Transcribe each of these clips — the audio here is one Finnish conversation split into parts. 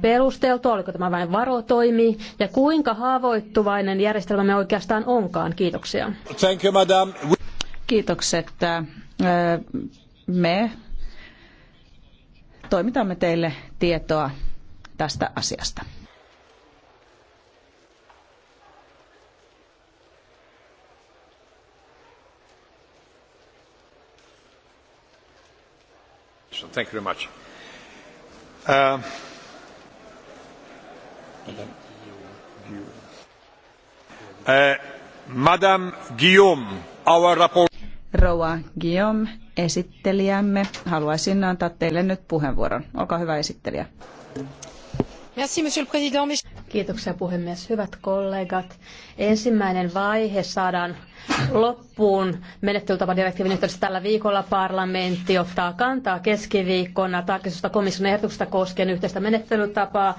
perusteltua, oliko tämä vain varotoimi ja kuinka haavoittuvainen järjestelmämme oikeastaan onkaan. Kiitoksia. Thank you, madam. Kiitokset. Me toimitamme teille tietoa tästä asiasta. So thank you very much. Uh, Eh, Madame Guillaume, our Rouva Guillaume, esittelijämme. Haluaisin antaa teille nyt puheenvuoron. Olkaa hyvä esittelijä. Merci, monsieur le président. Kiitoksia puhemies. Hyvät kollegat, ensimmäinen vaihe saadaan loppuun menettelytapadirektiivin yhteydessä tällä viikolla parlamentti ottaa kantaa keskiviikkona tarkistusta komission ehdotuksesta koskien yhteistä menettelytapaa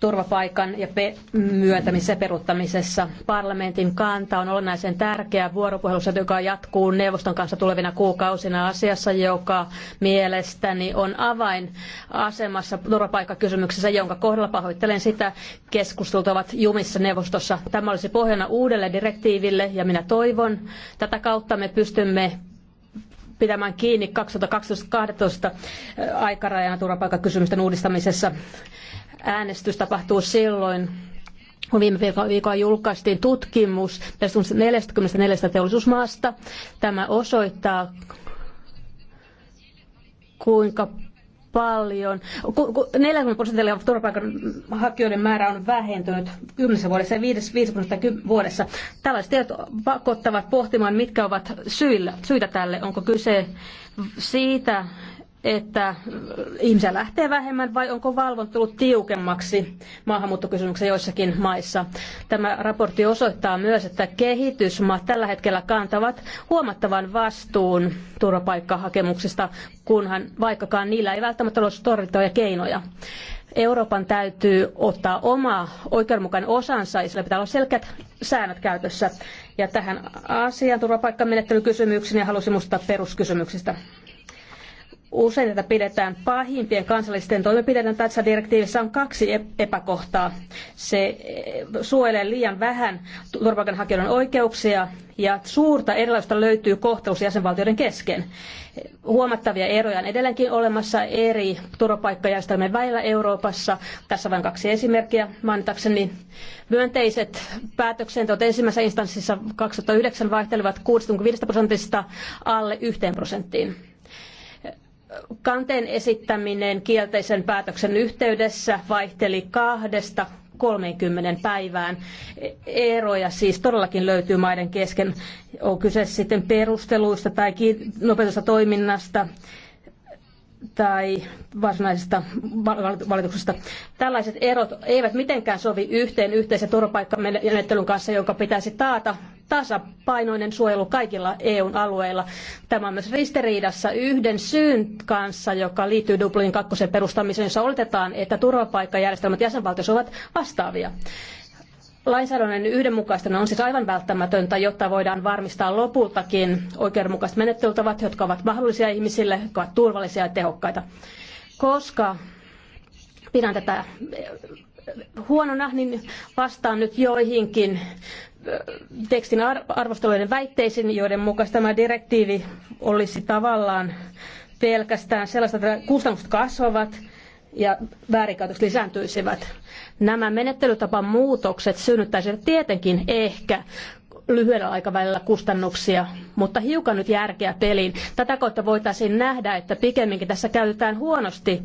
turvapaikan ja pe- myöntämisessä ja peruuttamisessa. Parlamentin kanta on olennaisen tärkeä vuoropuhelussa, joka jatkuu neuvoston kanssa tulevina kuukausina asiassa, joka mielestäni on avainasemassa turvapaikkakysymyksessä, jonka kohdalla pahoittelen sitä, keskustelut ovat jumissa neuvostossa. Tämä olisi pohjana uudelle direktiiville ja minä toivon, tätä kautta me pystymme pitämään kiinni 2012 äh, aikarajana turvapaikkakysymysten uudistamisessa. Äänestys tapahtuu silloin, kun viime viikolla julkaistiin tutkimus tästä 44 teollisuusmaasta. Tämä osoittaa, kuinka paljon. 40 prosentilla turvapaikanhakijoiden määrä on vähentynyt 10 vuodessa ja 5 prosenttia vuodessa. Tällaiset tiedot pakottavat pohtimaan, mitkä ovat syillä, syitä tälle. Onko kyse siitä, että ihmisiä lähtee vähemmän vai onko valvonta tullut tiukemmaksi maahanmuuttokysymyksen joissakin maissa? Tämä raportti osoittaa myös, että kehitysmaat tällä hetkellä kantavat huomattavan vastuun turvapaikkahakemuksista, kunhan vaikkakaan niillä ei välttämättä ole torjuttavia keinoja. Euroopan täytyy ottaa oma oikeudenmukainen osansa ja sillä pitää olla selkeät säännöt käytössä. Ja tähän asiaan turvapaikkamenettelykysymykseen ja halusin muistaa peruskysymyksistä. Usein tätä pidetään pahimpien kansallisten toimenpiteiden tässä direktiivissä on kaksi e- epäkohtaa. Se eh, suojelee liian vähän turvapaikanhakijoiden oikeuksia ja suurta erilaisuutta löytyy kohtelussa jäsenvaltioiden kesken. Huomattavia eroja on edelleenkin olemassa eri turvapaikkajärjestelmien välillä Euroopassa. Tässä vain kaksi esimerkkiä mainitakseni. Myönteiset päätöksenteot ensimmäisessä instanssissa 2009 vaihtelivat 65 prosentista alle 1 prosenttiin kanteen esittäminen kielteisen päätöksen yhteydessä vaihteli kahdesta 30 päivään. Eroja siis todellakin löytyy maiden kesken. On kyse sitten perusteluista tai nopeudesta toiminnasta tai varsinaisesta valituksesta. Tällaiset erot eivät mitenkään sovi yhteen yhteisen turvapaikkamenettelyn kanssa, jonka pitäisi taata tasapainoinen suojelu kaikilla EUn alueilla. Tämä on myös ristiriidassa yhden syyn kanssa, joka liittyy Dublin kakkosen perustamiseen, jossa oletetaan, että turvapaikkajärjestelmät jäsenvaltioissa ovat vastaavia. Lainsäädännön yhdenmukaistaminen on siis aivan välttämätöntä, jotta voidaan varmistaa lopultakin oikeudenmukaiset menettelytavat, jotka ovat mahdollisia ihmisille, jotka ovat turvallisia ja tehokkaita. Koska pidän tätä huonona, niin vastaan nyt joihinkin tekstin arvosteluiden väitteisiin, joiden mukaan tämä direktiivi olisi tavallaan pelkästään sellaista, että kustannukset kasvavat ja väärinkäytökset lisääntyisivät. Nämä menettelytapan muutokset synnyttäisivät tietenkin ehkä lyhyellä aikavälillä kustannuksia, mutta hiukan nyt järkeä peliin. Tätä kautta voitaisiin nähdä, että pikemminkin tässä käytetään huonosti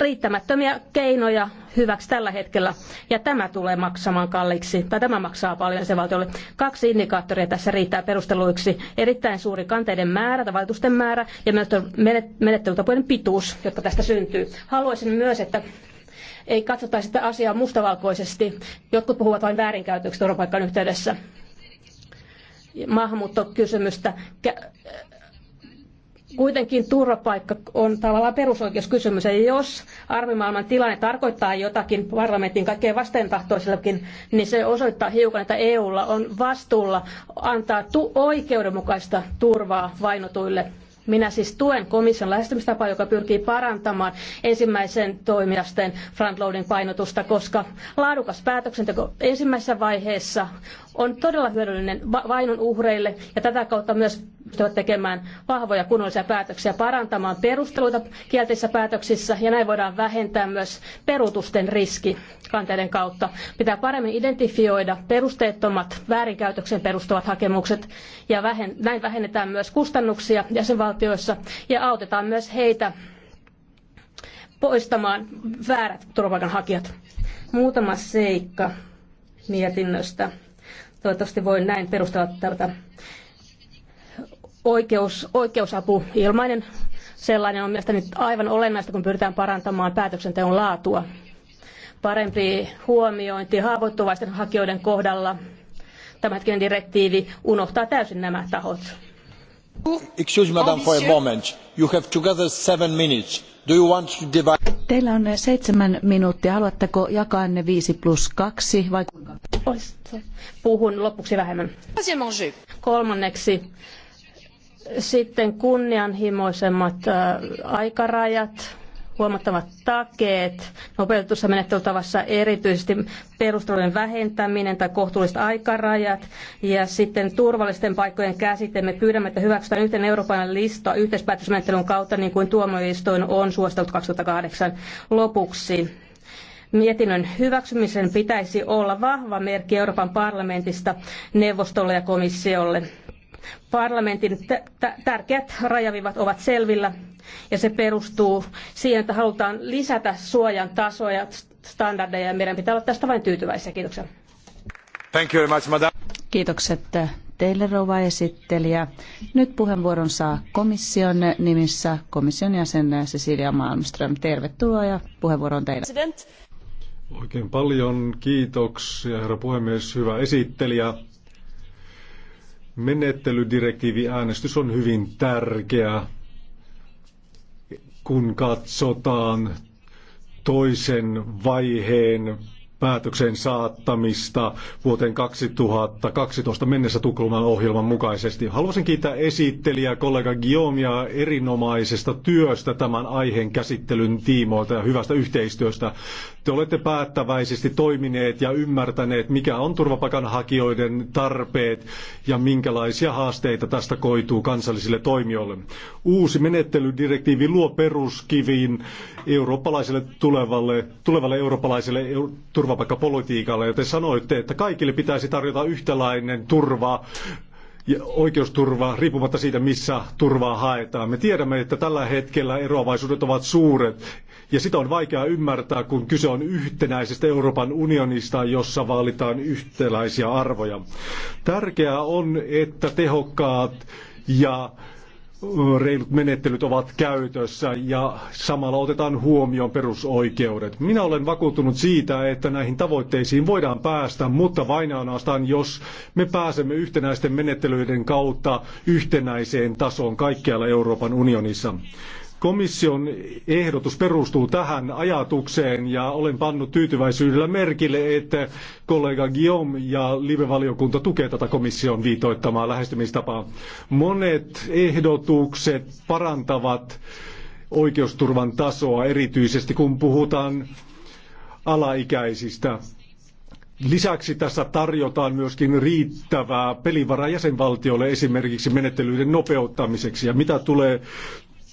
riittämättömiä keinoja hyväksi tällä hetkellä, ja tämä tulee maksamaan kalliiksi, tai tämä maksaa paljon se valtiolle. Kaksi indikaattoria tässä riittää perusteluiksi. Erittäin suuri kanteiden määrä tai valitusten määrä, ja myös menettelytapojen pituus, jotka tästä syntyy. Haluaisin myös, että ei katsottaisi sitä asiaa mustavalkoisesti. Jotkut puhuvat vain väärinkäytöksistä turvapaikan yhteydessä maahanmuuttokysymystä Kuitenkin turvapaikka on tavallaan perusoikeuskysymys. Ja jos arvimaailman tilanne tarkoittaa jotakin parlamentin kaikkein vastentahtoisellekin, niin se osoittaa hiukan, että EUlla on vastuulla antaa tu- oikeudenmukaista turvaa vainotuille minä siis tuen komission lähestymistapaa, joka pyrkii parantamaan ensimmäisen toimijasten frontloading painotusta, koska laadukas päätöksenteko ensimmäisessä vaiheessa on todella hyödyllinen vainon uhreille ja tätä kautta myös pystyvät tekemään vahvoja kunnollisia päätöksiä, parantamaan perusteluita kielteisissä päätöksissä ja näin voidaan vähentää myös peruutusten riski kanteiden kautta. Pitää paremmin identifioida perusteettomat väärinkäytöksen perustuvat hakemukset ja vähen, näin vähennetään myös kustannuksia jäsenvaltioissa ja autetaan myös heitä poistamaan väärät turvapaikanhakijat. Muutama seikka mietinnöstä. Toivottavasti voin näin perustella tätä oikeus, oikeusapu, ilmainen sellainen on mielestäni aivan olennaista, kun pyritään parantamaan päätöksenteon laatua. Parempi huomiointi haavoittuvaisten hakijoiden kohdalla, Tämä tämänhetkinen direktiivi unohtaa täysin nämä tahot. Teillä on seitsemän minuuttia. Haluatteko jakaa ne viisi plus kaksi vai kuinka? Puhun lopuksi vähemmän. Kolmanneksi sitten kunnianhimoisemmat äh, aikarajat huomattavat takeet nopeutetussa menettelytavassa erityisesti perustelujen vähentäminen tai kohtuulliset aikarajat ja sitten turvallisten paikkojen käsite. Me pyydämme, että hyväksytään yhteen Euroopan lista yhteispäätösmenettelyn kautta niin kuin tuomioistuin on suositellut 2008 lopuksi mietinnön hyväksymisen pitäisi olla vahva merkki Euroopan parlamentista neuvostolle ja komissiolle. Parlamentin tärkeät rajavivat ovat selvillä ja se perustuu siihen, että halutaan lisätä suojan tasoa ja standardeja. Meidän pitää olla tästä vain tyytyväisiä. Kiitoksia. Thank you very much, madam. Kiitokset teille, rouva esittelijä. Nyt puheenvuoron saa komission nimissä komission jäsen Cecilia Malmström. Tervetuloa ja puheenvuoro on teille. President. Oikein paljon kiitoksia, herra puhemies, hyvä esittelijä. Menettelydirektiivi äänestys on hyvin tärkeä kun katsotaan toisen vaiheen päätöksen saattamista vuoteen 2012 mennessä Tukholman ohjelman mukaisesti. Haluaisin kiittää esittelijää kollega Guillaumea erinomaisesta työstä tämän aiheen käsittelyn tiimoilta ja hyvästä yhteistyöstä. Te olette päättäväisesti toimineet ja ymmärtäneet, mikä on turvapaikanhakijoiden tarpeet ja minkälaisia haasteita tästä koituu kansallisille toimijoille. Uusi menettelydirektiivi luo peruskiviin eurooppalaiselle tulevalle, tulevalle eurooppalaiselle turvapaikkapolitiikalle. Ja te sanoitte, että kaikille pitäisi tarjota yhtäläinen turva oikeusturvaa riippumatta siitä, missä turvaa haetaan. Me tiedämme, että tällä hetkellä eroavaisuudet ovat suuret ja sitä on vaikea ymmärtää, kun kyse on yhtenäisestä Euroopan unionista, jossa vaalitaan yhtäläisiä arvoja. Tärkeää on, että tehokkaat ja reilut menettelyt ovat käytössä ja samalla otetaan huomioon perusoikeudet. Minä olen vakuuttunut siitä, että näihin tavoitteisiin voidaan päästä, mutta vain ainoastaan, jos me pääsemme yhtenäisten menettelyiden kautta yhtenäiseen tasoon kaikkialla Euroopan unionissa. Komission ehdotus perustuu tähän ajatukseen ja olen pannut tyytyväisyydellä merkille, että kollega Guillaume ja live-valiokunta tukee tätä komission viitoittamaa lähestymistapaa. Monet ehdotukset parantavat oikeusturvan tasoa, erityisesti kun puhutaan alaikäisistä. Lisäksi tässä tarjotaan myöskin riittävää pelivaraa jäsenvaltioille esimerkiksi menettelyiden nopeuttamiseksi. Ja mitä tulee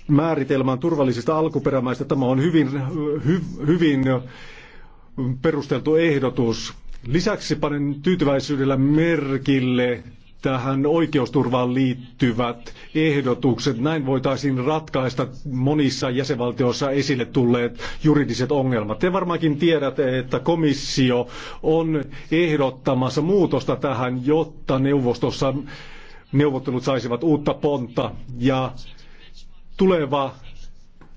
määritelmään turvallisista alkuperämaista. Tämä on hyvin, hy, hyvin perusteltu ehdotus. Lisäksi panen tyytyväisyydellä merkille tähän oikeusturvaan liittyvät ehdotukset. Näin voitaisiin ratkaista monissa jäsenvaltioissa esille tulleet juridiset ongelmat. Te varmaankin tiedätte, että komissio on ehdottamassa muutosta tähän, jotta neuvostossa neuvottelut saisivat uutta pontta ja tuleva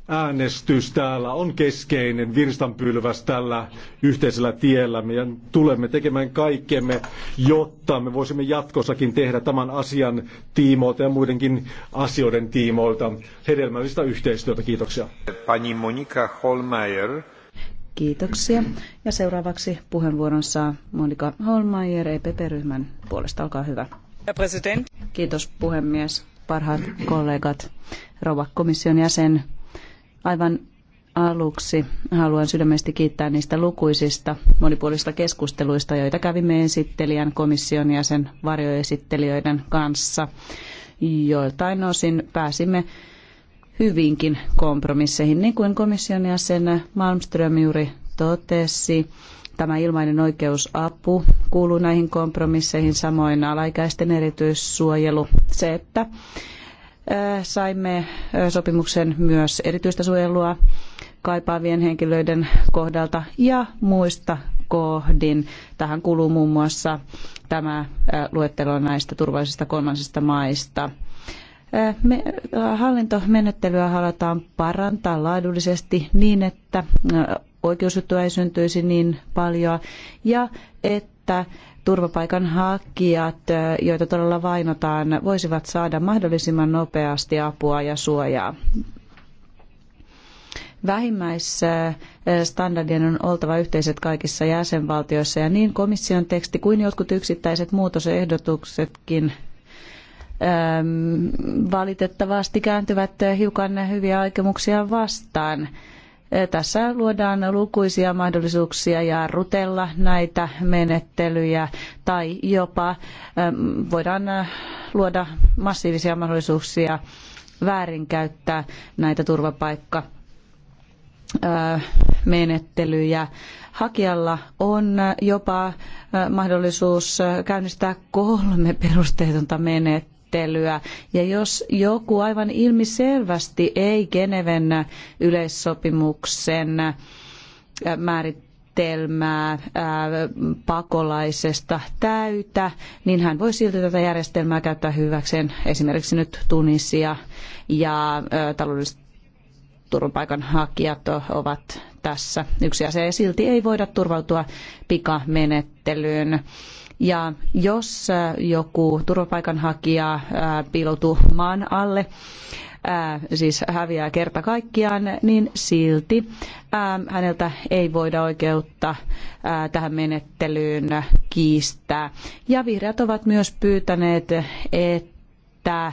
äänestys täällä on keskeinen virstanpylväs tällä yhteisellä tiellä. Me tulemme tekemään kaikkemme, jotta me voisimme jatkossakin tehdä tämän asian tiimoilta ja muidenkin asioiden tiimoilta hedelmällistä yhteistyötä. Kiitoksia. Pani Monika Holmeier. Kiitoksia. Ja seuraavaksi puheenvuoron saa Monika Holmeier EPP-ryhmän puolesta. Olkaa hyvä. Herr Kiitos puhemies parhaat kollegat, rouva komission jäsen. Aivan aluksi haluan sydämesti kiittää niistä lukuisista monipuolisista keskusteluista, joita kävimme esittelijän, komission jäsen, varjoesittelijöiden kanssa. Joiltain osin pääsimme hyvinkin kompromisseihin, niin kuin komission jäsen Malmström juuri totesi. Tämä ilmainen oikeusapu kuuluu näihin kompromisseihin, samoin alaikäisten erityissuojelu. Se, että saimme sopimuksen myös erityistä suojelua kaipaavien henkilöiden kohdalta ja muista kohdin. Tähän kuuluu muun muassa tämä luettelo näistä turvallisista kolmansista maista. Me, hallintomenettelyä halutaan parantaa laadullisesti niin, että oikeusjuttuja ei syntyisi niin paljon ja että turvapaikanhakijat, joita todella vainotaan, voisivat saada mahdollisimman nopeasti apua ja suojaa. Vähimmäisstandardien on oltava yhteiset kaikissa jäsenvaltioissa ja niin komission teksti kuin jotkut yksittäiset muutosehdotuksetkin ähm, valitettavasti kääntyvät hiukan hyviä aikomuksia vastaan. Tässä luodaan lukuisia mahdollisuuksia jarrutella näitä menettelyjä tai jopa ähm, voidaan äh, luoda massiivisia mahdollisuuksia väärinkäyttää näitä turvapaikka äh, menettelyjä. Hakijalla on jopa äh, mahdollisuus käynnistää kolme perusteetonta menettelyä käsittelyä. Ja jos joku aivan ilmiselvästi ei Geneven yleissopimuksen äh, määritelmää äh, pakolaisesta täytä, niin hän voi silti tätä järjestelmää käyttää hyväkseen esimerkiksi nyt Tunisia ja äh, taloudelliset turvapaikanhakijat ovat tässä yksi asia. Ja silti ei voida turvautua pikamenettelyyn. Ja jos äh, joku turvapaikanhakija äh, piiloutuu maan alle, äh, siis häviää kerta kaikkiaan, niin silti häneltä ei voida oikeutta tähän menettelyyn kiistää. Ja vihreät ovat myös pyytäneet, että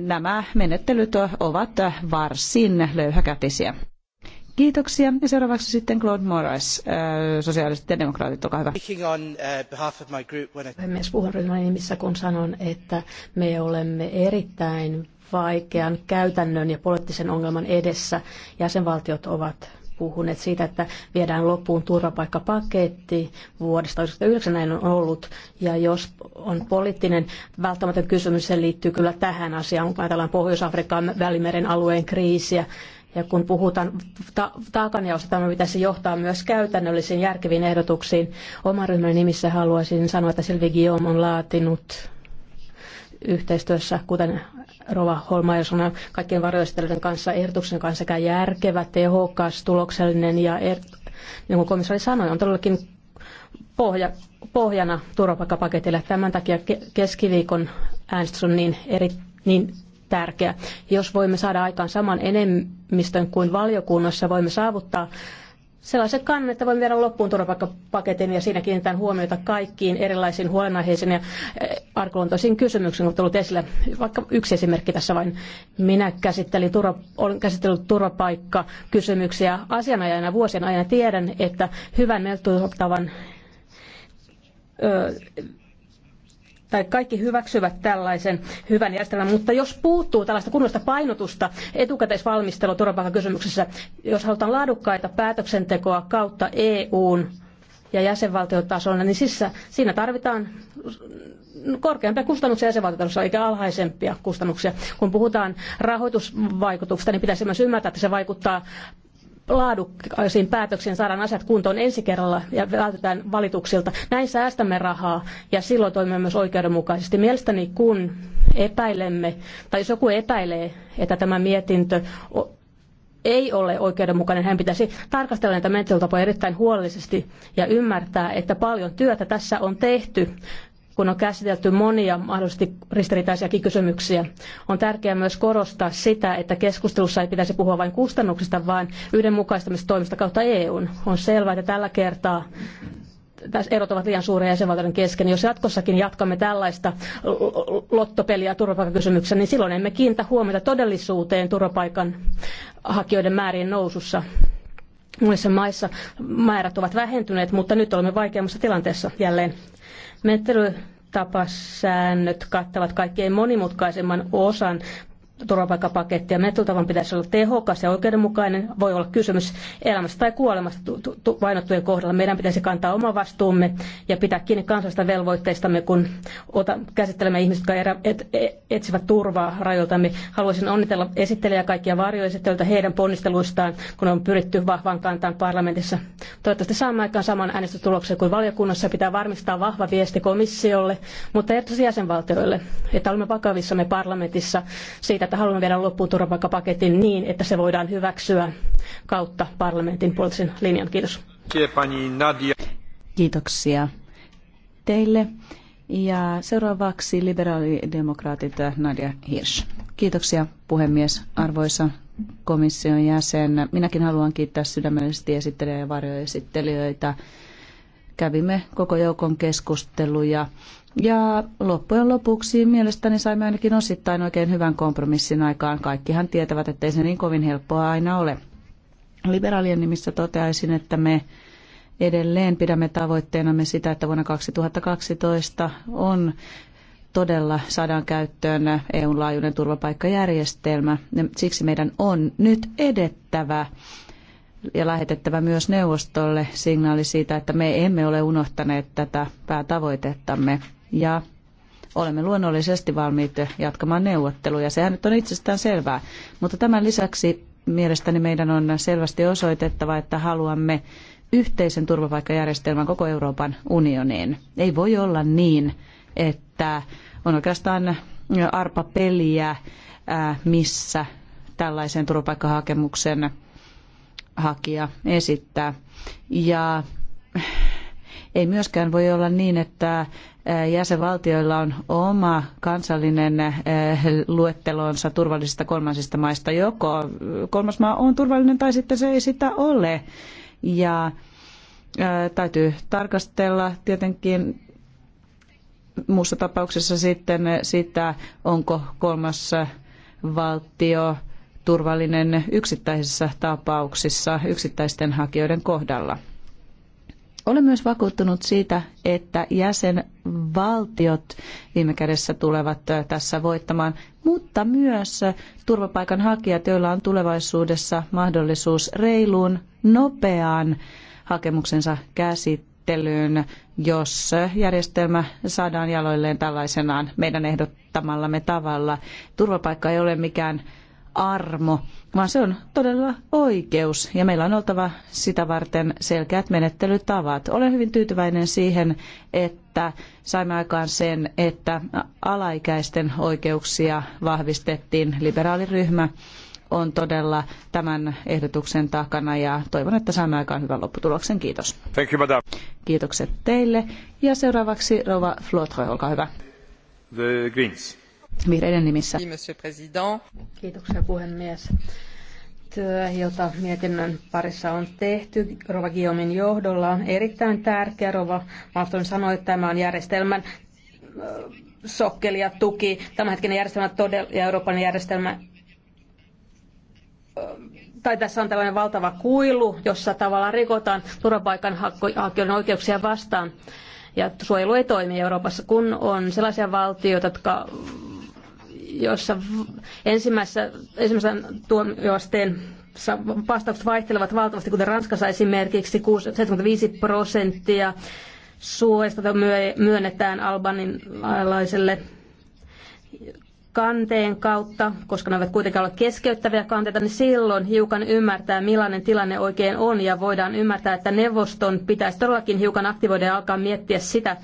nämä menettelyt ovat varsin löyhäkätisiä. Kiitoksia. Ja seuraavaksi sitten Claude Moraes, äh, sosiaaliset ja demokraatit, olkaa hyvä. Uh, Puhemies, puhun ryhmäni nimissä, kun sanon, että me olemme erittäin vaikean käytännön ja poliittisen ongelman edessä. Jäsenvaltiot ovat puhuneet siitä, että viedään loppuun turvapaikkapaketti vuodesta 1999 näin on ollut. Ja jos on poliittinen välttämätön kysymys, se liittyy kyllä tähän asiaan, kun ajatellaan Pohjois-Afrikan välimeren alueen kriisiä ja kun puhutaan taakanjaosta, tämä pitäisi johtaa myös käytännöllisiin järkeviin ehdotuksiin. Oman ryhmän nimissä haluaisin sanoa, että Silvi Guillaume on laatinut yhteistyössä, kuten Rova ja sanoi, kaikkien varjoistelijoiden kanssa ehdotuksen kanssa sekä järkevä, tehokas, tuloksellinen ja, er, niin kuin komissaari sanoi, on todellakin pohja, pohjana turvapaikkapaketille. Tämän takia keskiviikon äänestys on niin, eri, niin tärkeä. Jos voimme saada aikaan saman enemmistön kuin valiokunnassa, voimme saavuttaa sellaiset kannan, että voimme viedä loppuun turvapaikkapaketin ja siinä kiinnitetään huomiota kaikkiin erilaisiin huolenaiheisiin ja eh, arkaluontoisiin kysymyksiin, on tullut esille. Vaikka yksi esimerkki tässä vain. Minä käsittelin turva, olen käsitellyt turvapaikkakysymyksiä asianajana vuosien ajan tiedän, että hyvän menettelytavan tai kaikki hyväksyvät tällaisen hyvän järjestelmän, mutta jos puuttuu tällaista kunnollista painotusta etukäteisvalmistelua turvapaikkakysymyksessä, jos halutaan laadukkaita päätöksentekoa kautta EUn ja jäsenvaltiotasolla, niin sissä, siinä tarvitaan korkeampia kustannuksia jäsenvaltiotasolla eikä alhaisempia kustannuksia. Kun puhutaan rahoitusvaikutuksista, niin pitäisi myös ymmärtää, että se vaikuttaa laadukkaisiin päätöksiin saadaan asiat kuntoon ensi kerralla ja vältytään valituksilta. Näin säästämme rahaa ja silloin toimimme myös oikeudenmukaisesti. Mielestäni kun epäilemme, tai jos joku epäilee, että tämä mietintö ei ole oikeudenmukainen, hän pitäisi tarkastella näitä menettelytapoja erittäin huolellisesti ja ymmärtää, että paljon työtä tässä on tehty kun on käsitelty monia mahdollisesti ristiriitaisiakin kysymyksiä. On tärkeää myös korostaa sitä, että keskustelussa ei pitäisi puhua vain kustannuksista, vaan yhdenmukaistamistoimista kautta EUn. On selvää, että tällä kertaa tässä erot ovat liian suuria jäsenvaltioiden kesken. Jos jatkossakin jatkamme tällaista lottopeliä turvapaikkakysymyksessä, niin silloin emme kiinnitä huomiota todellisuuteen turvapaikan hakijoiden määrien nousussa. Muissa maissa määrät ovat vähentyneet, mutta nyt olemme vaikeammassa tilanteessa jälleen. Menettelytapasäännöt kattavat kaikkein monimutkaisemman osan turvapaikkapakettia. Menettelytavan pitäisi olla tehokas ja oikeudenmukainen. Voi olla kysymys elämästä tai kuolemasta vainottujen kohdalla. Meidän pitäisi kantaa oma vastuumme ja pitää kiinni kansallista velvoitteistamme, kun ota, käsittelemme ihmiset, jotka et, et, etsivät turvaa rajoiltamme. Haluaisin onnitella esittelijä kaikkia varjoesittelijöitä heidän ponnisteluistaan, kun on pyritty vahvaan kantaan parlamentissa. Toivottavasti saamme aikaan saman äänestystuloksen kuin valiokunnassa. Pitää varmistaa vahva viesti komissiolle, mutta erityisesti jäsenvaltioille, että olemme vakavissamme parlamentissa siitä, että haluamme viedä loppuun turvapaikkapaketin niin, että se voidaan hyväksyä kautta parlamentin poliittisen linjan. Kiitos. Kiitoksia teille. Ja seuraavaksi liberaalidemokraatit Nadia Hirsch. Kiitoksia puhemies, arvoisa komission jäsen. Minäkin haluan kiittää sydämellisesti esittelijöitä ja varjoesittelijöitä. Kävimme koko joukon keskusteluja ja loppujen lopuksi mielestäni saimme ainakin osittain oikein hyvän kompromissin aikaan. Kaikkihan tietävät, ettei se niin kovin helppoa aina ole. Liberaalien nimissä toteaisin, että me edelleen pidämme tavoitteenamme sitä, että vuonna 2012 on todella saadaan käyttöön EUn laajuinen turvapaikkajärjestelmä. Siksi meidän on nyt edettävä ja lähetettävä myös neuvostolle signaali siitä, että me emme ole unohtaneet tätä päätavoitettamme ja olemme luonnollisesti valmiit jatkamaan neuvotteluja. Sehän nyt on itsestään selvää. Mutta tämän lisäksi mielestäni meidän on selvästi osoitettava, että haluamme yhteisen turvapaikkajärjestelmän koko Euroopan unioniin. Ei voi olla niin, että on oikeastaan arpa peliä, äh, missä tällaisen turvapaikkahakemuksen hakija esittää. Ja ei myöskään voi olla niin, että jäsenvaltioilla on oma kansallinen luettelonsa turvallisista kolmansista maista. Joko kolmas maa on turvallinen tai sitten se ei sitä ole. Ja täytyy tarkastella tietenkin muussa tapauksessa sitten sitä, onko kolmas valtio turvallinen yksittäisissä tapauksissa yksittäisten hakijoiden kohdalla. Olen myös vakuuttunut siitä, että jäsenvaltiot viime kädessä tulevat tässä voittamaan, mutta myös turvapaikanhakijat, joilla on tulevaisuudessa mahdollisuus reiluun, nopeaan hakemuksensa käsittelyyn, jos järjestelmä saadaan jaloilleen tällaisenaan meidän ehdottamallamme tavalla. Turvapaikka ei ole mikään armo, vaan se on todella oikeus ja meillä on oltava sitä varten selkeät menettelytavat. Olen hyvin tyytyväinen siihen, että saimme aikaan sen, että alaikäisten oikeuksia vahvistettiin. Liberaaliryhmä on todella tämän ehdotuksen takana ja toivon, että saamme aikaan hyvän lopputuloksen. Kiitos. Thank you, Kiitokset teille. Ja seuraavaksi Rova Flotre, olkaa hyvä. The Greens vihreiden nimissä. Kiitoksia puhemies. Työ, jota mietinnön parissa on tehty Rova Guillaumin johdolla, on erittäin tärkeä. Rova Mahtonen sanoi, että tämä on järjestelmän sokkeli ja tuki. Tämänhetkinen järjestelmä ja Euroopan järjestelmä tai tässä on tällainen valtava kuilu, jossa tavallaan rikotaan turvapaikanhakijoiden oikeuksia vastaan. Ja suojelu ei toimi Euroopassa, kun on sellaisia valtioita, jotka jossa ensimmäisessä, ensimmäisessä tuomioasteen vastaukset vaihtelevat valtavasti, kuten Ranskassa esimerkiksi 75 prosenttia suojasta myönnetään albanilaiselle kanteen kautta, koska ne ovat kuitenkin olla keskeyttäviä kanteita, niin silloin hiukan ymmärtää, millainen tilanne oikein on, ja voidaan ymmärtää, että neuvoston pitäisi todellakin hiukan aktivoida ja alkaa miettiä sitä,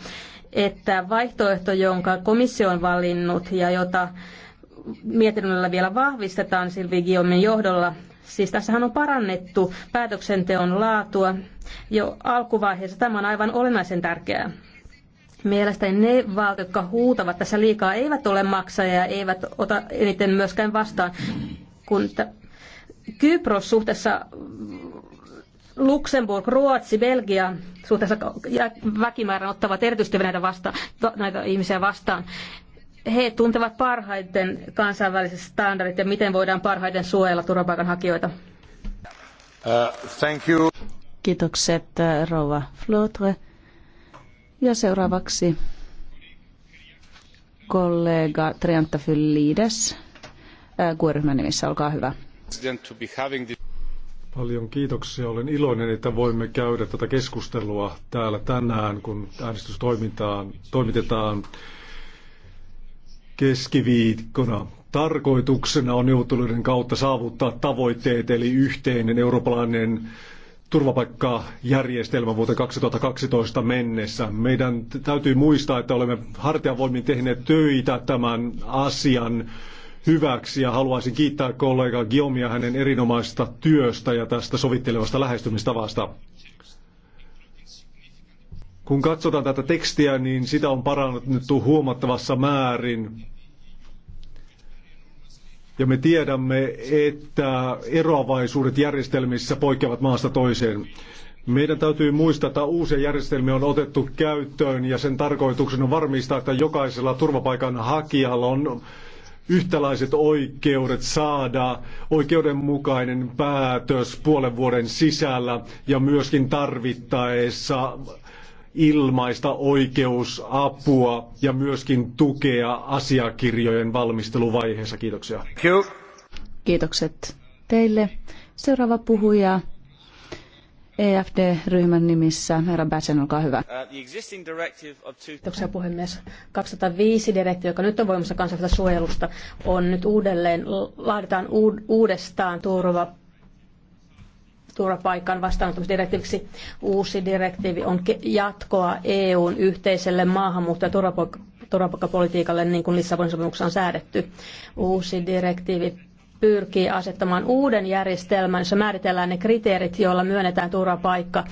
että vaihtoehto, jonka komissio on valinnut ja jota mietinnöllä vielä vahvistetaan Silvi Guillaumin johdolla, Siis tässähän on parannettu päätöksenteon laatua jo alkuvaiheessa. Tämä on aivan olennaisen tärkeää. Mielestäni ne valtiot, jotka huutavat tässä liikaa, eivät ole maksajia, eivät ota eniten myöskään vastaan. Kun t- Kypros suhteessa Luxemburg, Ruotsi, Belgia suhteessa väkimäärän ottavat erityisesti näitä, vasta, näitä ihmisiä vastaan. He tuntevat parhaiten kansainväliset standardit ja miten voidaan parhaiten suojella turvapaikanhakijoita. Uh, thank you. Kiitokset uh, rouva Flotre. Ja seuraavaksi kollega Triantafyllides, Fyllides, uh, q nimissä, olkaa hyvä. To be having this... Paljon kiitoksia. Olen iloinen, että voimme käydä tätä keskustelua täällä tänään, kun äänestystoimintaan toimitetaan keskiviikkona. Tarkoituksena on neuvotteluiden kautta saavuttaa tavoitteet, eli yhteinen eurooppalainen turvapaikkajärjestelmä vuoteen 2012 mennessä. Meidän täytyy muistaa, että olemme hartiavoimin tehneet töitä tämän asian hyväksi ja haluaisin kiittää kollega Giomia hänen erinomaista työstä ja tästä sovittelevasta lähestymistavasta. Kun katsotaan tätä tekstiä, niin sitä on parannettu huomattavassa määrin. Ja me tiedämme, että eroavaisuudet järjestelmissä poikkeavat maasta toiseen. Meidän täytyy muistaa, että uusia järjestelmiä on otettu käyttöön ja sen tarkoituksena on varmistaa, että jokaisella turvapaikan hakijalla on Yhtäläiset oikeudet saada oikeudenmukainen päätös puolen vuoden sisällä ja myöskin tarvittaessa ilmaista oikeusapua ja myöskin tukea asiakirjojen valmisteluvaiheessa. Kiitoksia. Kiitokset teille. Seuraava puhuja EFD-ryhmän nimissä. Herra Batsen, olkaa hyvä. Uh, Kiitoksia puhemies. 205 direktiivi, joka nyt on voimassa kansainvälistä suojelusta, on nyt uudelleen, laaditaan uudestaan turva turvapaikan vastaanottamisdirektiiviksi. Uusi direktiivi on jatkoa EUn yhteiselle maahanmuutto- ja turvapaikkapolitiikalle, niin kuin Lissabonin sopimuksessa on säädetty. Uusi direktiivi pyrkii asettamaan uuden järjestelmän, jossa määritellään ne kriteerit, joilla myönnetään turvapaikka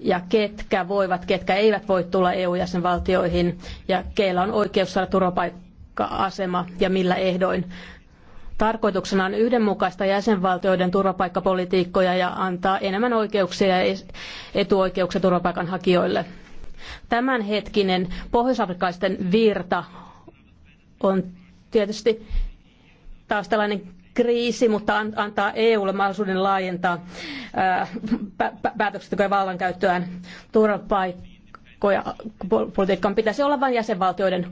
ja ketkä voivat, ketkä eivät voi tulla EU-jäsenvaltioihin ja keillä on oikeus saada turvapaikka-asema ja millä ehdoin. Tarkoituksena on yhdenmukaista jäsenvaltioiden turvapaikkapolitiikkoja ja antaa enemmän oikeuksia ja etuoikeuksia turvapaikanhakijoille. Tämänhetkinen pohjoisafrikkaisten virta on tietysti taas tällainen kriisi, mutta antaa EUlle mahdollisuuden laajentaa päätöksentekoja vallankäyttöään turvapaikkoja, politiikan pitäisi olla vain jäsenvaltioiden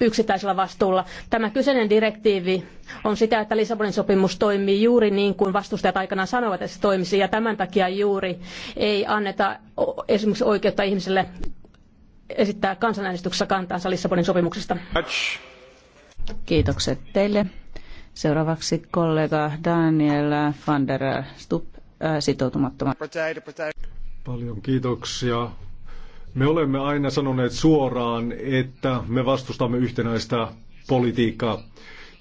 yksittäisellä vastuulla. Tämä kyseinen direktiivi on sitä, että Lissabonin sopimus toimii juuri niin kuin vastustajat aikanaan sanovat, että se toimisi, ja tämän takia juuri ei anneta esimerkiksi oikeutta ihmiselle esittää kansanäänestyksessä kantaansa Lissabonin sopimuksesta. Kiitokset teille. Seuraavaksi kollega Daniel van der Stupp äh, sitoutumattoman. Paljon kiitoksia. Me olemme aina sanoneet suoraan, että me vastustamme yhtenäistä politiikkaa.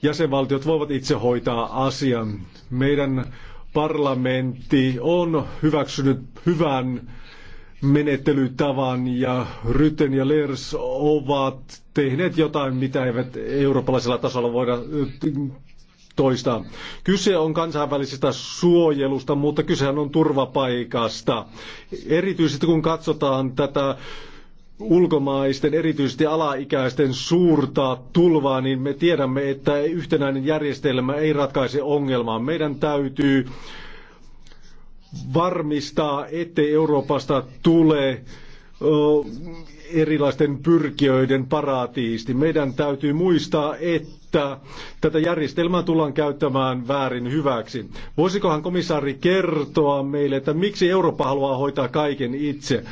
Jäsenvaltiot voivat itse hoitaa asian. Meidän parlamentti on hyväksynyt hyvän menettelytavan ja Rytten ja Lers ovat tehneet jotain, mitä eivät eurooppalaisella tasolla voida toista. Kyse on kansainvälisestä suojelusta, mutta kysehän on turvapaikasta. Erityisesti kun katsotaan tätä ulkomaisten, erityisesti alaikäisten suurta tulvaa, niin me tiedämme, että yhtenäinen järjestelmä ei ratkaise ongelmaa. Meidän täytyy varmistaa, ettei Euroopasta tule erilaisten pyrkijöiden paratiisti. Meidän täytyy muistaa, että että tätä järjestelmää tullaan käyttämään väärin hyväksi. Voisikohan komissaari kertoa meille, että miksi Eurooppa haluaa hoitaa kaiken itse?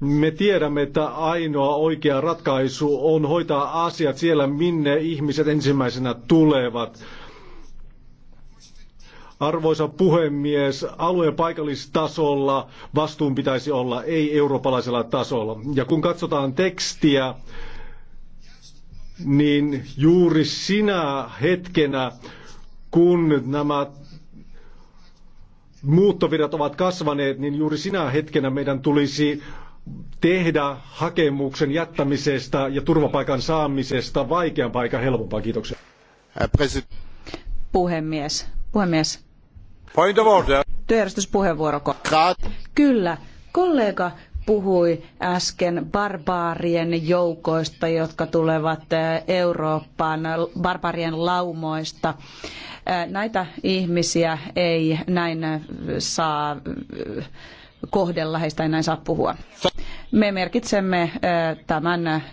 Me tiedämme, että ainoa oikea ratkaisu on hoitaa asiat siellä, minne ihmiset ensimmäisenä tulevat. Arvoisa puhemies, alueen paikallistasolla vastuun pitäisi olla, ei eurooppalaisella tasolla. Ja kun katsotaan tekstiä, niin juuri sinä hetkenä, kun nämä muuttovirrat ovat kasvaneet, niin juuri sinä hetkenä meidän tulisi tehdä hakemuksen jättämisestä ja turvapaikan saamisesta vaikean paikan helpompaa. Kiitoksia. Puhemies. Puhemies. Point of order. Työjärjestyspuheenvuoroko? Kyllä. Kollega puhui äsken barbaarien joukoista, jotka tulevat Eurooppaan, barbaarien laumoista. Näitä ihmisiä ei näin saa kohdella, heistä ei näin saa puhua. Me merkitsemme tämän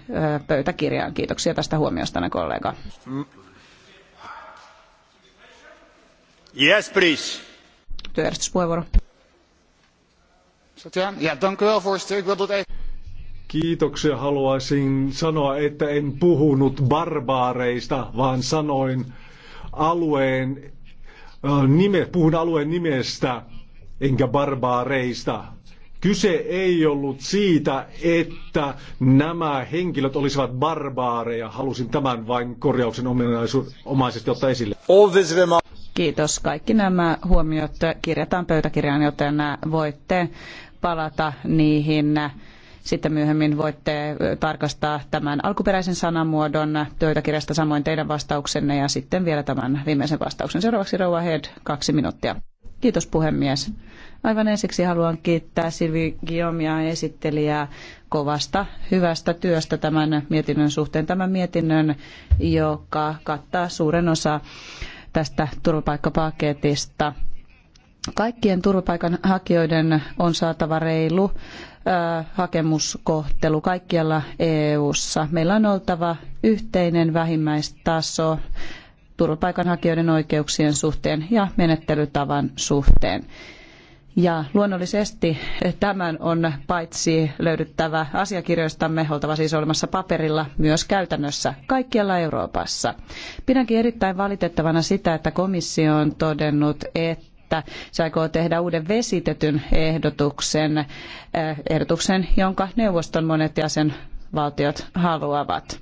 pöytäkirjaan. Kiitoksia tästä huomiosta, kollega. Mm. Yes, please. Työjärjestyspuheenvuoro. Kiitoksia. Haluaisin sanoa, että en puhunut barbaareista, vaan sanoin alueen äh, nime, puhun alueen nimestä, enkä barbaareista. Kyse ei ollut siitä, että nämä henkilöt olisivat barbaareja. Halusin tämän vain korjauksen omaisesti ottaa esille. Kiitos. Kaikki nämä huomiot kirjataan pöytäkirjaan, joten voitte palata niihin. Sitten myöhemmin voitte tarkastaa tämän alkuperäisen sanamuodon pöytäkirjasta, samoin teidän vastauksenne ja sitten vielä tämän viimeisen vastauksen. Seuraavaksi Rouva Head, kaksi minuuttia. Kiitos puhemies. Aivan ensiksi haluan kiittää Silvi Giomia esittelijää kovasta hyvästä työstä tämän mietinnön suhteen. Tämän mietinnön, joka kattaa suuren osa tästä turvapaikkapaketista. Kaikkien turvapaikanhakijoiden on saatava reilu hakemuskohtelu kaikkialla EU:ssa. Meillä on oltava yhteinen vähimmäistaso turvapaikanhakijoiden oikeuksien suhteen ja menettelytavan suhteen. Ja luonnollisesti tämän on paitsi löydyttävä asiakirjoistamme, oltava siis olemassa paperilla, myös käytännössä kaikkialla Euroopassa. Pidänkin erittäin valitettavana sitä, että komissio on todennut, että että se aikoo tehdä uuden vesitetyn ehdotuksen, eh, ehdotuksen jonka neuvoston monet jäsenvaltiot haluavat.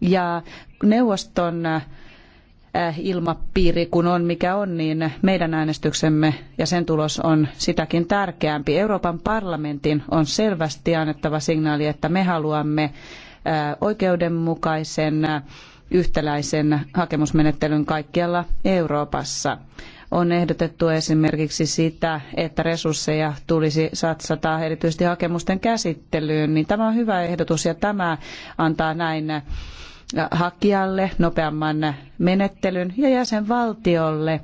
Ja neuvoston eh, ilmapiiri kun on mikä on, niin meidän äänestyksemme ja sen tulos on sitäkin tärkeämpi. Euroopan parlamentin on selvästi annettava signaali, että me haluamme eh, oikeudenmukaisen yhtäläisen hakemusmenettelyn kaikkialla Euroopassa. On ehdotettu esimerkiksi sitä, että resursseja tulisi satsata erityisesti hakemusten käsittelyyn, niin tämä on hyvä ehdotus ja tämä antaa näin hakijalle nopeamman menettelyn ja jäsenvaltiolle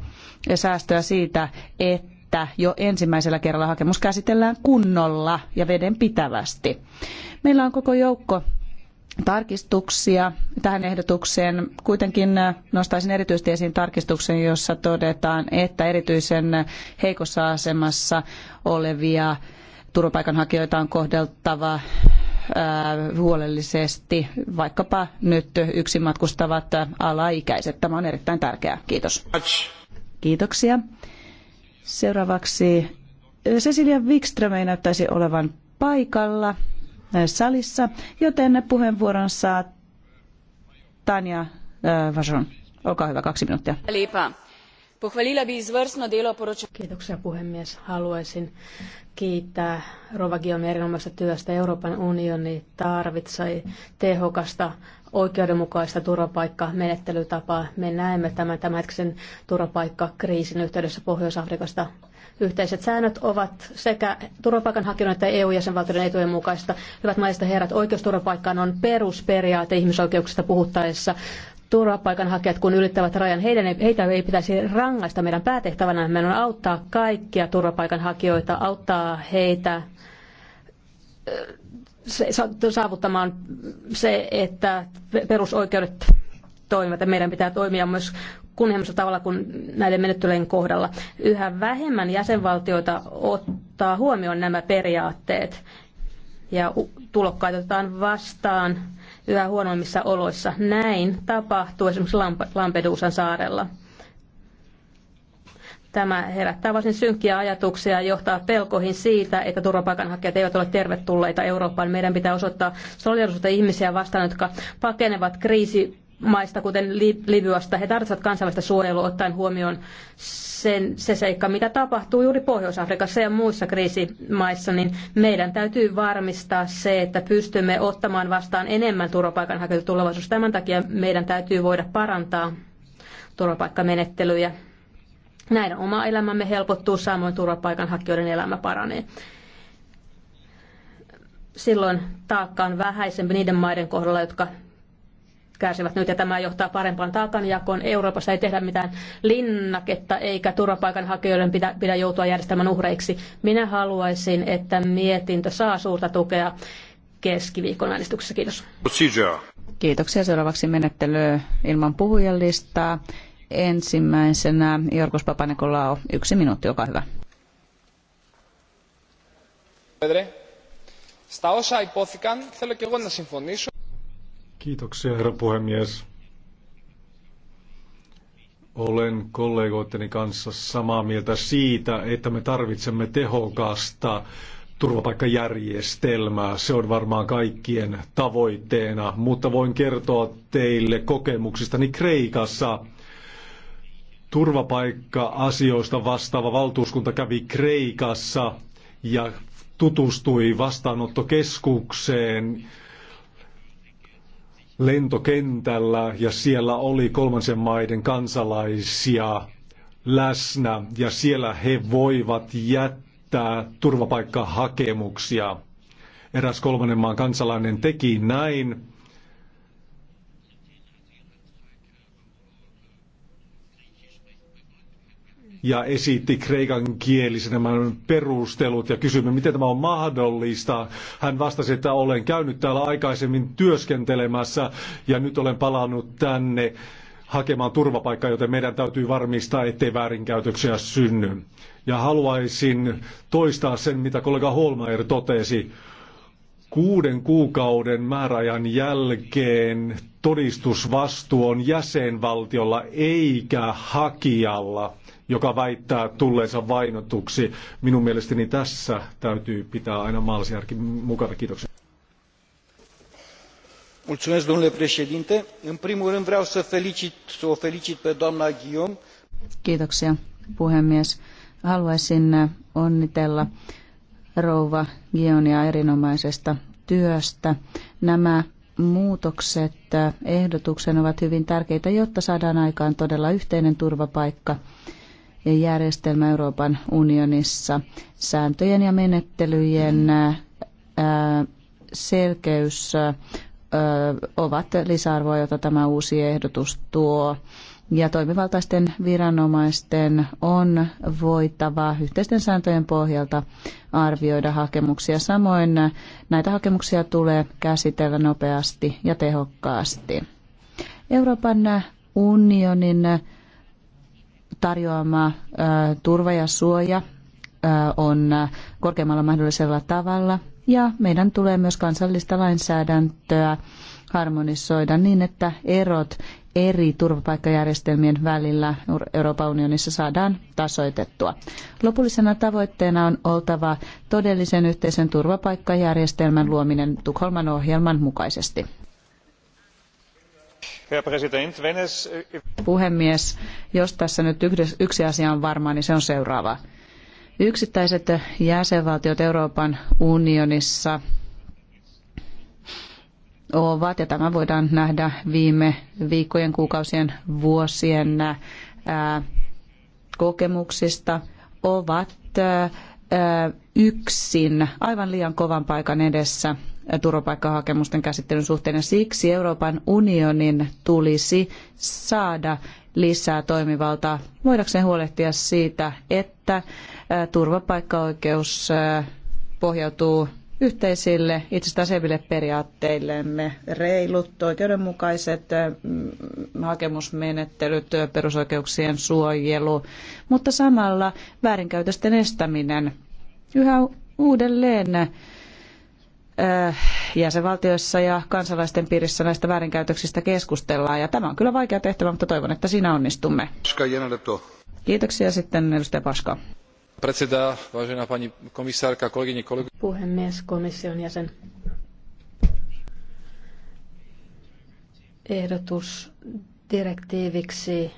säästöä siitä, että jo ensimmäisellä kerralla hakemus käsitellään kunnolla ja vedenpitävästi. Meillä on koko joukko tarkistuksia tähän ehdotukseen. Kuitenkin nostaisin erityisesti esiin tarkistuksen, jossa todetaan, että erityisen heikossa asemassa olevia turvapaikanhakijoita on kohdeltava huolellisesti, vaikkapa nyt yksin matkustavat alaikäiset. Tämä on erittäin tärkeää. Kiitos. Kiitoksia. Seuraavaksi Cecilia Wikström ei näyttäisi olevan paikalla salissa, joten puheenvuoron saa Tanja äh, Vason. Olkaa hyvä, kaksi minuuttia. Pohvalila Kiitoksia puhemies. Haluaisin kiittää Rova Giomi erinomaisesta työstä. Euroopan unioni tarvitsee tehokasta oikeudenmukaista turvapaikkamenettelytapaa. Me näemme tämän tämänhetkisen turvapaikkakriisin yhteydessä Pohjois-Afrikasta Yhteiset säännöt ovat sekä turvapaikanhakijoiden että EU-jäsenvaltioiden etujen mukaista. Hyvät naiset ja herrat, oikeus turvapaikkaan on perusperiaate ihmisoikeuksista puhuttaessa turvapaikanhakijat, kun ylittävät rajan, heidän ei, heitä ei pitäisi rangaista. Meidän päätehtävänä meidän on auttaa kaikkia turvapaikanhakijoita, auttaa heitä saavuttamaan se, että perusoikeudet toimivat. Meidän pitää toimia myös kunnianhimoisella tavalla kuin näiden menettelyjen kohdalla. Yhä vähemmän jäsenvaltioita ottaa huomioon nämä periaatteet ja tulokkaat otetaan vastaan yhä huonommissa oloissa. Näin tapahtuu esimerkiksi Lampedusan saarella. Tämä herättää varsin synkkiä ajatuksia ja johtaa pelkoihin siitä, että turvapaikanhakijat eivät ole tervetulleita Eurooppaan. Meidän pitää osoittaa solidarisuutta ihmisiä vastaan, jotka pakenevat kriisi maista, kuten Libyasta. He tarvitsevat kansainvälistä suojelua ottaen huomioon sen, se seikka, mitä tapahtuu juuri Pohjois-Afrikassa ja muissa kriisimaissa, niin meidän täytyy varmistaa se, että pystymme ottamaan vastaan enemmän turvapaikanhakijoita tulevaisuudessa. Tämän takia meidän täytyy voida parantaa turvapaikkamenettelyjä. Näin oma elämämme helpottuu, samoin turvapaikanhakijoiden elämä paranee silloin taakka on vähäisempi niiden maiden kohdalla, jotka kärsivät nyt ja tämä johtaa parempaan taakanjakoon. Euroopassa ei tehdä mitään linnaketta eikä turvapaikanhakijoiden pidä, pidä joutua järjestelmän uhreiksi. Minä haluaisin, että mietintö saa suurta tukea keskiviikon äänestyksessä. Kiitos. Kiitoksia. Seuraavaksi menettely ilman puhujalistaa. Ensimmäisenä Jorgos Papanikolaou, yksi minuutti, olkaa hyvä. Στα όσα υπόθηκαν, θέλω και εγώ να συμφωνήσω. Kiitoksia, herra puhemies. Olen kollegoitteni kanssa samaa mieltä siitä, että me tarvitsemme tehokasta turvapaikkajärjestelmää. Se on varmaan kaikkien tavoitteena, mutta voin kertoa teille kokemuksistani Kreikassa. Turvapaikka-asioista vastaava valtuuskunta kävi Kreikassa ja tutustui vastaanottokeskukseen lentokentällä ja siellä oli kolmansien maiden kansalaisia läsnä ja siellä he voivat jättää turvapaikkahakemuksia. Eräs kolmannen maan kansalainen teki näin ja esitti kreikan kielisen nämä perustelut ja kysyimme, miten tämä on mahdollista. Hän vastasi, että olen käynyt täällä aikaisemmin työskentelemässä ja nyt olen palannut tänne hakemaan turvapaikkaa, joten meidän täytyy varmistaa, ettei väärinkäytöksiä synny. Ja haluaisin toistaa sen, mitä kollega Holmeier totesi. Kuuden kuukauden määräajan jälkeen todistusvastuu on jäsenvaltiolla eikä hakijalla joka väittää tulleensa vainotuksi. Minun mielestäni tässä täytyy pitää aina maalaisjärki mukana. Kiitoksia. Mulțumesc, domnule președinte. În primul rând vreau să, felicit, să o felicit pe doamna Guillaume. Kiitoksia, puhemies. Haluaisin onnitella rouva Gionia erinomaisesta työstä. Nämä muutokset ehdotuksen ovat hyvin tärkeitä, jotta saadaan aikaan todella yhteinen turvapaikka järjestelmä Euroopan unionissa. Sääntöjen ja menettelyjen äh, selkeys äh, ovat lisäarvoa, jota tämä uusi ehdotus tuo. Ja toimivaltaisten viranomaisten on voitava yhteisten sääntöjen pohjalta arvioida hakemuksia. Samoin näitä hakemuksia tulee käsitellä nopeasti ja tehokkaasti. Euroopan unionin tarjoama turva ja suoja on korkeammalla mahdollisella tavalla ja meidän tulee myös kansallista lainsäädäntöä harmonisoida niin, että erot eri turvapaikkajärjestelmien välillä Euroopan unionissa saadaan tasoitettua. Lopullisena tavoitteena on oltava todellisen yhteisen turvapaikkajärjestelmän luominen Tukholman ohjelman mukaisesti. Äh, Puhemies, jos tässä nyt yksi asia on varma, niin se on seuraava. Yksittäiset jäsenvaltiot Euroopan unionissa ovat, ja tämä voidaan nähdä viime viikkojen, kuukausien, vuosien äh, kokemuksista, ovat äh, yksin aivan liian kovan paikan edessä turvapaikkahakemusten käsittelyn suhteen. Ja siksi Euroopan unionin tulisi saada lisää toimivaltaa voidakseen huolehtia siitä, että äh, turvapaikkaoikeus äh, pohjautuu yhteisille itsestäänselville periaatteillemme reilut, oikeudenmukaiset äh, hakemusmenettelyt, perusoikeuksien suojelu, mutta samalla väärinkäytösten estäminen yhä uudelleen Äh, jäsenvaltioissa ja kansalaisten piirissä näistä väärinkäytöksistä keskustellaan. Ja tämä on kyllä vaikea tehtävä, mutta toivon, että siinä onnistumme. Kiitoksia sitten edustaja Paska. Predseda, vážená pani komisárka, kolegyne, kolegu... Puhemies, komission jäsen. Ehdotus direktiiviksi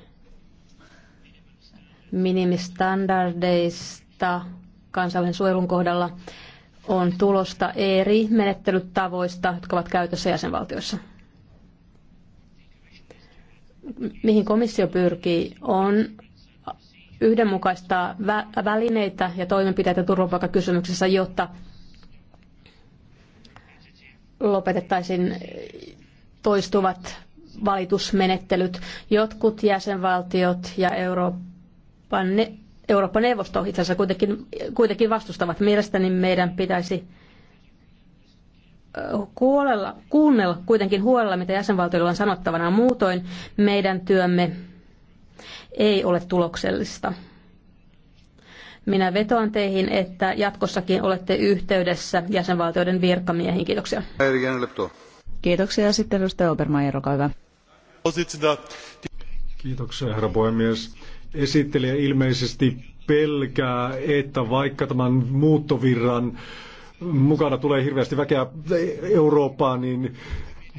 minimistandardeista kansainvälisen suojelun kohdalla on tulosta eri menettelytavoista, jotka ovat käytössä jäsenvaltioissa. Mihin komissio pyrkii, on yhdenmukaistaa välineitä ja toimenpiteitä turvapaikkakysymyksessä, jotta lopetettaisiin toistuvat valitusmenettelyt. Jotkut jäsenvaltiot ja Euroopan ne- eurooppa neuvosto itse asiassa kuitenkin, kuitenkin vastustavat. Mielestäni meidän pitäisi kuolella, kuunnella kuitenkin huolella, mitä jäsenvaltioilla on sanottavana. Muutoin meidän työmme ei ole tuloksellista. Minä vetoan teihin, että jatkossakin olette yhteydessä jäsenvaltioiden virkamiehiin. Kiitoksia. Kiitoksia. Sitten edustaja Obermaier, olkaa hyvä. Kiitoksia, herra puhemies esittelijä ilmeisesti pelkää, että vaikka tämän muuttovirran mukana tulee hirveästi väkeä Eurooppaan, niin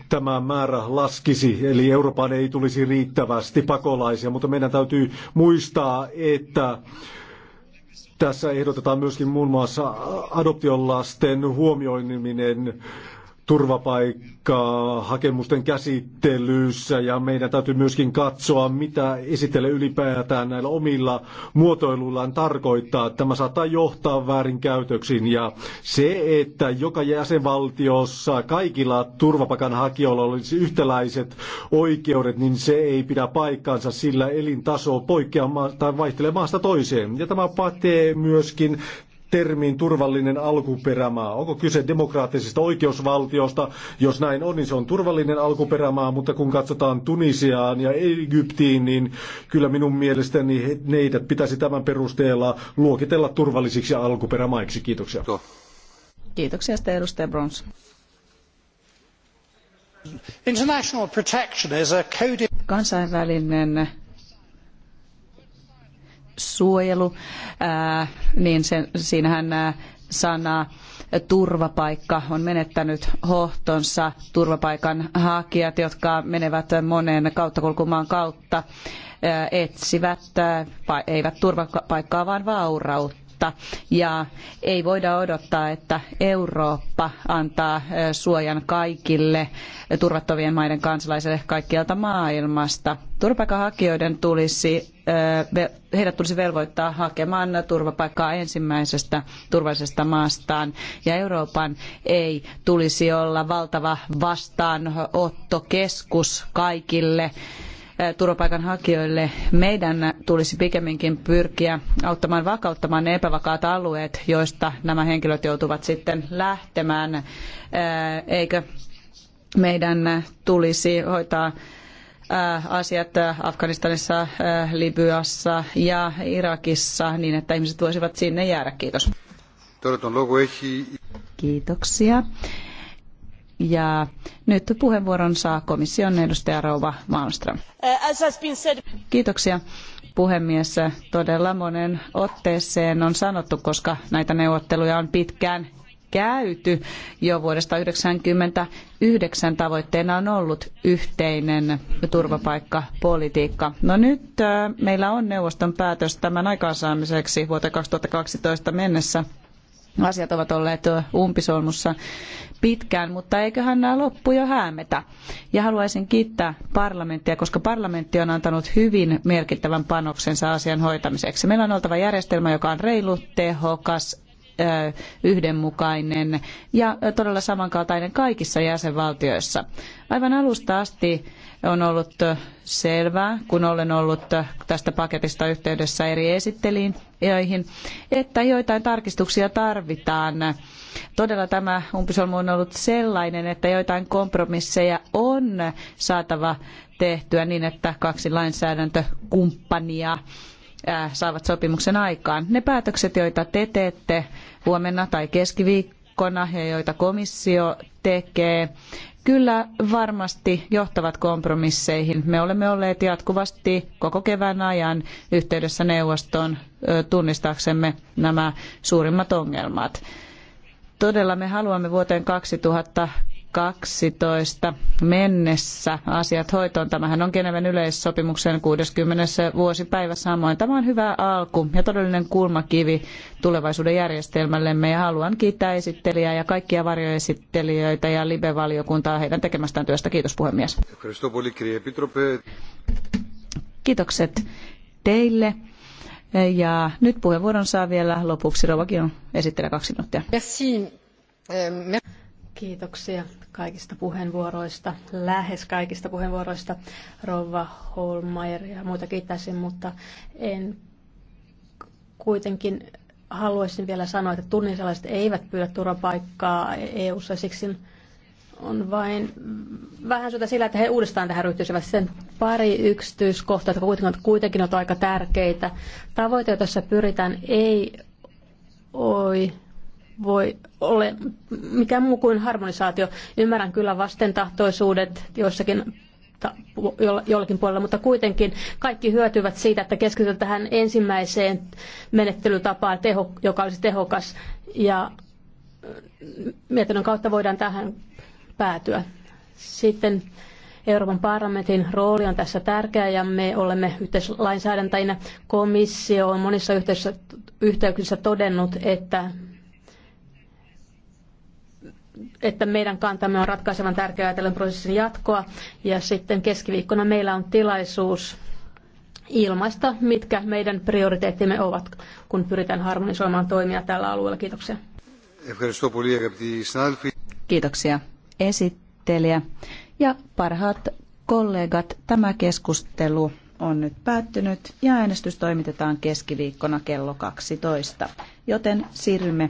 tämä määrä laskisi, eli Euroopan ei tulisi riittävästi pakolaisia, mutta meidän täytyy muistaa, että tässä ehdotetaan myöskin muun muassa adoptiolasten huomioiminen turvapaikkaa hakemusten käsittelyssä ja meidän täytyy myöskin katsoa, mitä esitelle ylipäätään näillä omilla muotoiluillaan tarkoittaa. Tämä saattaa johtaa väärinkäytöksiin ja se, että joka jäsenvaltiossa kaikilla turvapaikanhakijoilla olisi yhtäläiset oikeudet, niin se ei pidä paikkaansa, sillä elintaso poikkeaa tai vaihtelee maasta toiseen. Ja tämä pätee myöskin termiin turvallinen alkuperämaa? Onko kyse demokraattisesta oikeusvaltiosta? Jos näin on, niin se on turvallinen alkuperämaa, mutta kun katsotaan Tunisiaan ja Egyptiin, niin kyllä minun mielestäni neitä pitäisi tämän perusteella luokitella turvallisiksi alkuperämaiksi. Kiitoksia. Kiitoksia sitten edustaja Brons. Kansainvälinen suojelu, niin sen, siinähän sana turvapaikka on menettänyt hohtonsa turvapaikan hakijat, jotka menevät monen kauttakulkumaan kautta, etsivät, eivät turvapaikkaa, vaan vaurautta. Ja ei voida odottaa, että Eurooppa antaa suojan kaikille turvattomien maiden kansalaisille kaikkialta maailmasta. Turvapaikanhakijoiden tulisi heidät tulisi velvoittaa hakemaan turvapaikkaa ensimmäisestä turvallisesta maastaan. Ja Euroopan ei tulisi olla valtava vastaanottokeskus kaikille turvapaikanhakijoille. Meidän tulisi pikemminkin pyrkiä auttamaan vakauttamaan ne epävakaat alueet, joista nämä henkilöt joutuvat sitten lähtemään. Eikö meidän tulisi hoitaa Äh, asiat äh, Afganistanissa, äh, Libyassa ja Irakissa niin, että ihmiset voisivat sinne jäädä. Kiitos. Kiitoksia. Ja nyt puheenvuoron saa komission edustaja Rouva Malmström. Uh, Kiitoksia puhemies. Todella monen otteeseen on sanottu, koska näitä neuvotteluja on pitkään käyty jo vuodesta 1999. Tavoitteena on ollut yhteinen turvapaikkapolitiikka. No nyt meillä on neuvoston päätös tämän aikaansaamiseksi vuoteen 2012 mennessä. Asiat ovat olleet umpisolmussa pitkään, mutta eiköhän nämä loppu jo häämetä. Ja haluaisin kiittää parlamenttia, koska parlamentti on antanut hyvin merkittävän panoksensa asian hoitamiseksi. Meillä on oltava järjestelmä, joka on reilu, tehokas, yhdenmukainen ja todella samankaltainen kaikissa jäsenvaltioissa. Aivan alusta asti on ollut selvää, kun olen ollut tästä paketista yhteydessä eri esittelijöihin, että joitain tarkistuksia tarvitaan. Todella tämä umpisolmu on ollut sellainen, että joitain kompromisseja on saatava tehtyä niin, että kaksi lainsäädäntökumppania Äh, saavat sopimuksen aikaan. Ne päätökset, joita te teette huomenna tai keskiviikkona ja joita komissio tekee, kyllä varmasti johtavat kompromisseihin. Me olemme olleet jatkuvasti koko kevään ajan yhteydessä neuvostoon tunnistaaksemme nämä suurimmat ongelmat. Todella me haluamme vuoteen 2000 2012 mennessä asiat hoitoon. Tämähän on Geneven yleissopimuksen 60. vuosipäivä samoin. Tämä on hyvä alku ja todellinen kulmakivi tulevaisuuden järjestelmällemme ja haluan kiittää esittelijää ja kaikkia varjoesittelijöitä ja live-valiokuntaa heidän tekemästään työstä. Kiitos puhemies. Kiitokset teille. Ja nyt puheenvuoron saa vielä lopuksi Rovakin esittelijä kaksi minuuttia. Merci. Euh, Kiitoksia kaikista puheenvuoroista, lähes kaikista puheenvuoroista, Rova Holmeier ja muita kiittäisin, mutta en kuitenkin haluaisin vielä sanoa, että tunnisalaiset eivät pyydä turvapaikkaa EU-ssa, siksi on vain vähän syytä sillä, että he uudestaan tähän ryhtyisivät. Sen pari yksityiskohtaa, jotka kuitenkin ovat aika tärkeitä. Tavoite, tässä pyritään, ei oi, voi ole mikään muu kuin harmonisaatio. Ymmärrän kyllä vastentahtoisuudet joissakin jollakin puolella, mutta kuitenkin kaikki hyötyvät siitä, että keskitytään tähän ensimmäiseen menettelytapaan, teho, joka olisi tehokas. Ja mm, mietinnön kautta voidaan tähän päätyä. Sitten Euroopan parlamentin rooli on tässä tärkeä ja me olemme yhteislainsäädäntäjinä. Komissio on monissa yhteyksissä todennut, että että meidän kantamme on ratkaisevan tärkeää ajatellen prosessin jatkoa. Ja sitten keskiviikkona meillä on tilaisuus ilmaista, mitkä meidän prioriteettimme ovat, kun pyritään harmonisoimaan toimia tällä alueella. Kiitoksia. Kiitoksia esittelijä. Ja parhaat kollegat, tämä keskustelu on nyt päättynyt ja äänestys toimitetaan keskiviikkona kello 12. Joten siirrymme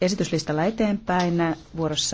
esityslistalla eteenpäin. Vuorossa